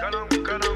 come on.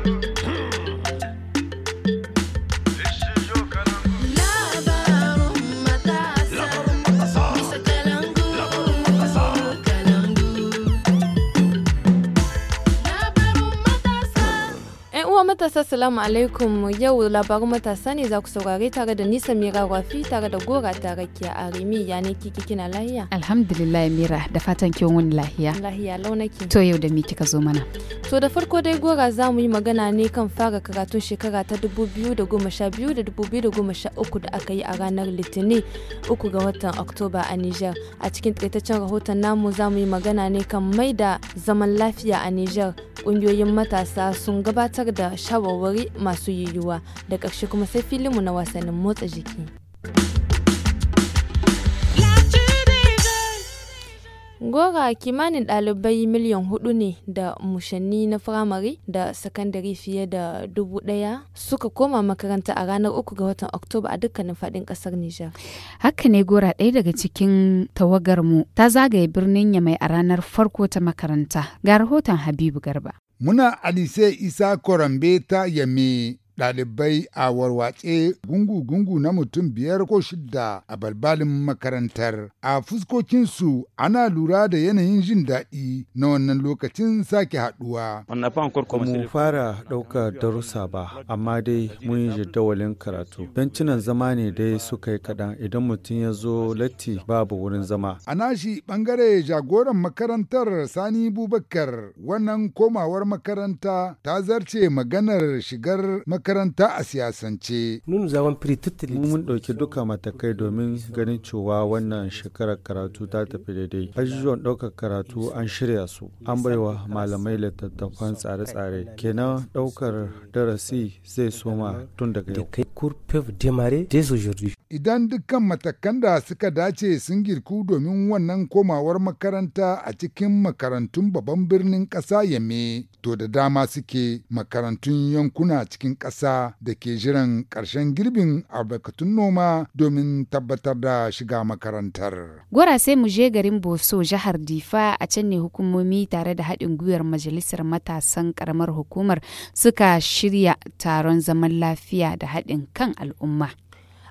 matasa salamu alaikum yau labarin matasa ne za ku saurare tare da nisa mira rafi tare da gora tare ke a rimi ya ne kiki kina lahiya alhamdulillah mira da fatan ke wani lahiya lahiya launaki to yau da mi kika zo mana to da farko dai gora za mu yi magana ne kan fara karatun shekara ta 2012 da 2013 da aka yi a ranar litinin uku ga watan oktoba a niger a cikin taƙaitaccen rahoton namu za mu yi magana ne kan mai da zaman lafiya a niger ƙungiyoyin matasa sun gabatar da shawarwari masu yiwuwa da ƙarshe kuma sai filinmu na wasannin motsa jiki. Gora kimanin ɗalibai miliyan hudu ne da mushanni na firamare da sakandare fiye da dubu ɗaya suka koma makaranta a ranar uku ga watan Oktoba a dukkanin faɗin ƙasar Nijar. Haka ne Gora ɗaya daga cikin tawagarmu ta zagaye birnin Yamai a ranar farko ta makaranta. Ga rahoton Habibu Garba. Muna Alise Isa Korambe ta Yame ɗalibai a warwatse gungu-gungu na mutum biyar ko shidda a balbalin makarantar. A fuskokinsu ana lura da yanayin jin daɗi na wannan lokacin sake haɗuwa. Mu fara ɗaukar darussa ba, amma dai mun yi jadawalin karatu. Bencinan zama ne dai suka yi kaɗan idan mutum ya zo latti babu wurin zama. A nashi ɓangare jagoran makarantar Sani Bubakar wannan komawar makaranta ta zarce maganar shigar makarantar. makaranta a siyasance. Mun ɗauki duka matakai domin ganin cewa wannan shekarar karatu ta tafi daidai. Ajujuwan ɗaukar karatu an shirya su, an baiwa malamai littattafan tsare-tsare. Kenan ɗaukar darasi zai soma tun daga yau. Idan dukkan matakan da suka dace sun girku domin wannan komawar makaranta a cikin makarantun babban birnin ƙasa Yame. to da dama suke makarantun yankuna cikin ƙasa da ke jiran ƙarshen girbin albarkatun noma domin tabbatar da shiga makarantar. gora sai mu je garin Boso jihar Difa a can ne hukumomi tare da haɗin gwiwar majalisar matasan ƙaramar hukumar suka shirya taron zaman lafiya da haɗin kan al'umma.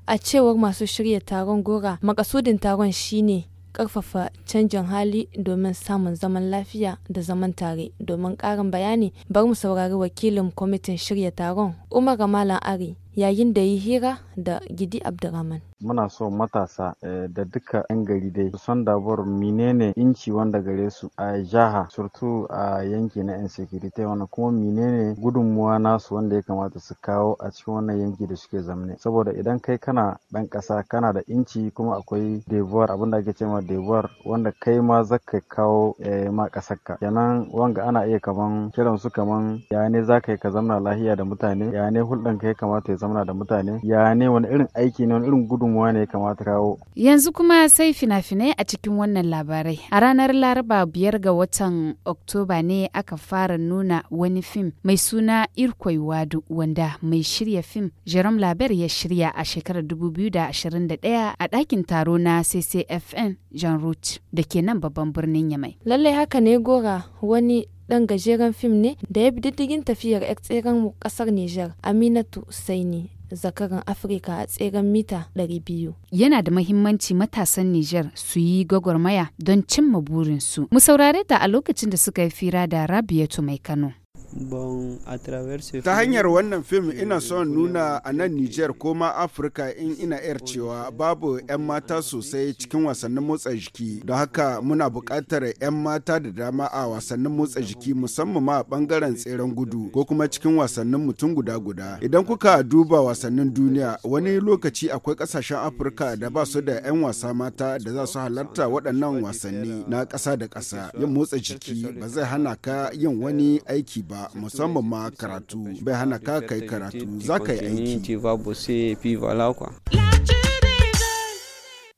a cewar masu shirya taron gora makasudin taron shine karfafa canjin hali domin samun zaman lafiya da zaman tare domin karin bayani bar mu saurari wakilin kwamitin shirya taron umar malam ari yayin da yi hira da gidi abdurrahman muna so matasa eh, da duka 'yan gari dai su san dabar menene inci wanda gare su a jaha surtu a yanki na insecurity wanda kuma menene gudunmuwa nasu wanda ya kamata su kawo a cikin wannan yanki da suke zamne saboda idan kai kana dan kasa kana da inci kuma akwai devoir abinda ake cewa devoir wanda kai ma zaka kawo eh, ma kasarka kenan wanga ana iya kaman kiran su kaman ya ne zaka yi ka zamna lahiya da mutane ya ne hulɗan kai kamata ya zamna da mutane ya ne wani irin aiki ne wani irin gudun gudunmuwa ne kamata kawo. Yanzu kuma sai fina-finai a cikin wannan labarai. A ranar Laraba biyar ga watan Oktoba ne aka fara nuna wani fim mai suna Irkwai Wadu wanda mai shirya fim Jerome Laber ya shirya a shekarar 2021 a ɗakin taro na CCFN Jean Root da ke nan babban birnin Yamai. Lallai haka ne gora wani ɗan gajeren fim ne da ya bi diddigin tafiyar 'yar tseren ƙasar Nijar Aminatu Saini zakaran afirka a tseren mita 200 yana da mahimmanci matasan Nijar su yi gwagwarmaya don cimma burinsu mu saurare ta a lokacin da suka yi fira da rabiatu mai kano ta hanyar wannan fim ina son nuna a nan niger ko ma afirka in ina yar cewa babu 'yan mata sosai cikin wasannin motsa jiki don haka muna buƙatar 'yan mata da dama a wasannin motsa jiki musamman ma a ɓangaren tseren gudu ko kuma cikin wasannin mutum guda guda idan kuka duba wasannin duniya wani lokaci akwai ƙasashen afirka da ba su da 'yan wasa mata da za su halarta waɗannan wasanni na ƙasa da ƙasa yin motsa jiki ba zai hana ka yin wani aiki ba musamman ma karatu bai hana ka kai karatu za ka yi aiki.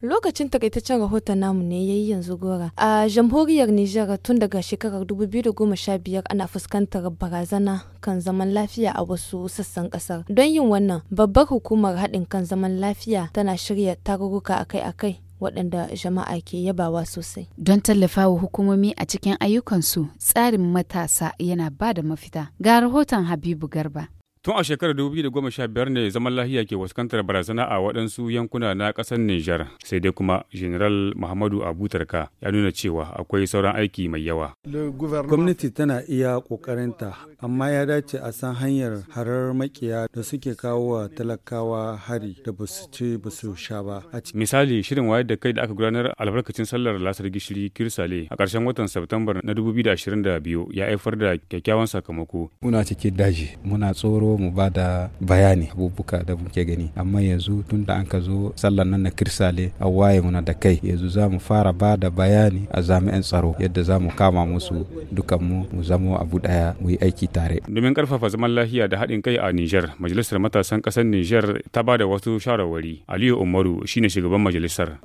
lokacin takaitaccen rahoton namu ne ya yi yanzu gora a jamhuriyar nijar tun daga shekarar 2015 ana fuskantar barazana kan zaman lafiya a wasu sassan kasar don yin wannan babbar hukumar haɗin kan zaman lafiya tana shirya tarurruka akai-akai waɗanda jama'a ke yabawa sosai. Don tallafawa hukumomi a cikin ayyukansu tsarin matasa yana ba da mafita. Ga rahoton Habibu Garba. Tun a shekarar 2015 ne zaman lahiya ke waskantar barazana a waɗansu yankuna na ƙasar Nijar, sai dai kuma General Muhammadu Abutarka ya nuna cewa akwai sauran aiki mai yawa. Gwamnati tana iya ƙoƙarinta, amma ya dace a san hanyar harar makiya da suke kawo wa talakawa hari da ba su ci ba su sha ba. Misali, shirin wayar da kai da aka gudanar albarkacin sallar lasar gishiri Kirsale a ƙarshen watan Satumbar na 2022 ya haifar da kyakkyawan sakamako. Muna cikin daji, muna tsoro mu ba da bayani abubuwa da muke gani amma yanzu tun da an ka zo sallan nan na kirsale a waye muna da kai yanzu za mu fara ba da bayani a jami'an tsaro yadda za mu kama musu dukan mu mu zamo abu daya mu yi aiki tare domin karfafa zaman lafiya da haɗin kai a nijar majalisar matasan ƙasar nijar ta ba da wasu shawarwari Aliyu Umaru shine shugaban majalisar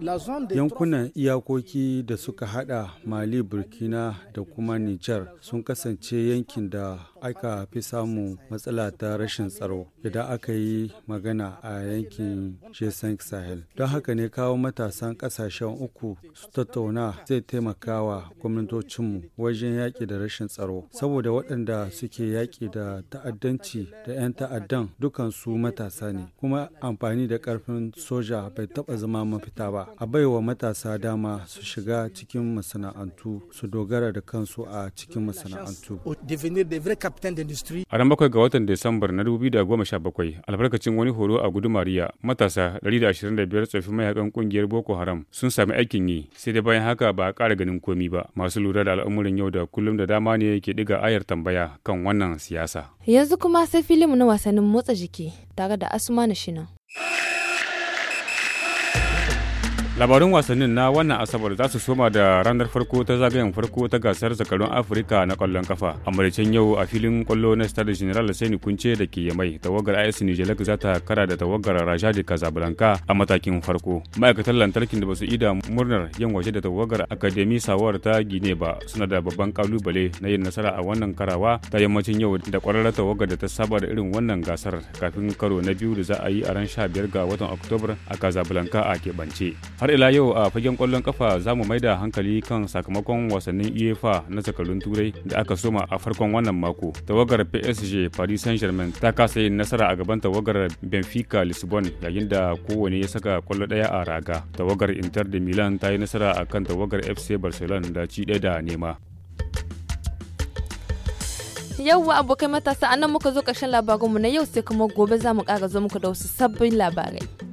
yankunan iyakoki da suka hada Mali Burkina da kuma nijar sun kasance yankin da aka fi samun matsala ta rashin tsaro idan aka yi magana a yankin Jason Sahel. Don haka ne kawo matasan kasashen uku su tattauna zai taimaka wa gwamnatocinmu wajen yaƙi da rashin tsaro. Saboda waɗanda suke yaƙi da ta'addanci da 'yan ta'addan dukan su matasa ne. Kuma amfani da ƙarfin soja bai taɓa zama mafita ba. A baiwa matasa dama su shiga cikin masana'antu su dogara da kansu a cikin masana'antu. A ran bakwai ga watan Desambar na 2017, albarkacin wani horo a gudumariya, matasa 125 tsofin mayakan kungiyar Boko Haram sun sami aikin yi, sai da bayan haka ba a ƙara ganin komi ba. Masu lura da al'amuran yau da kullum da dama ne ke diga ayar tambaya kan wannan siyasa. Yanzu kuma sai filim na wasannin motsa jiki tare da Asuma na Shina. labarun wasannin na wannan asabar za su soma da ranar farko ta zagayen farko ta gasar zakarun afirka na kwallon kafa a maricin yau a filin kwallo na stade general sani kunce da ke yamai tawagar is nijelek za ta kara da tawagar de casablanca a matakin farko ma'aikatan lantarkin da ba su ida murnar yan waje da tawagar akademi sawar ta gine ba suna da babban kalubale na yin nasara a wannan karawa ta yammacin yau da kwararra tawagar da ta saba da irin wannan gasar kafin karo na biyu da za a yi a ran 15 ga watan oktobar a casablanca a keɓance har ila yau a fagen kwallon kafa za mu maida hankali kan sakamakon wasannin uefa na zakarun turai da aka soma a farkon wannan mako tawagar psg paris saint germain ta kasa yin nasara a gaban tawagar benfica lisbon yayin da kowane ya saka kwallo daya a raga tawagar inter de milan ta yi nasara a kan tawagar fc barcelona da ci daya da nema yauwa abokai matasa a nan muka zo ƙarshen labarinmu na yau sai kuma gobe za mu ƙara zo muku da wasu sabbin labarai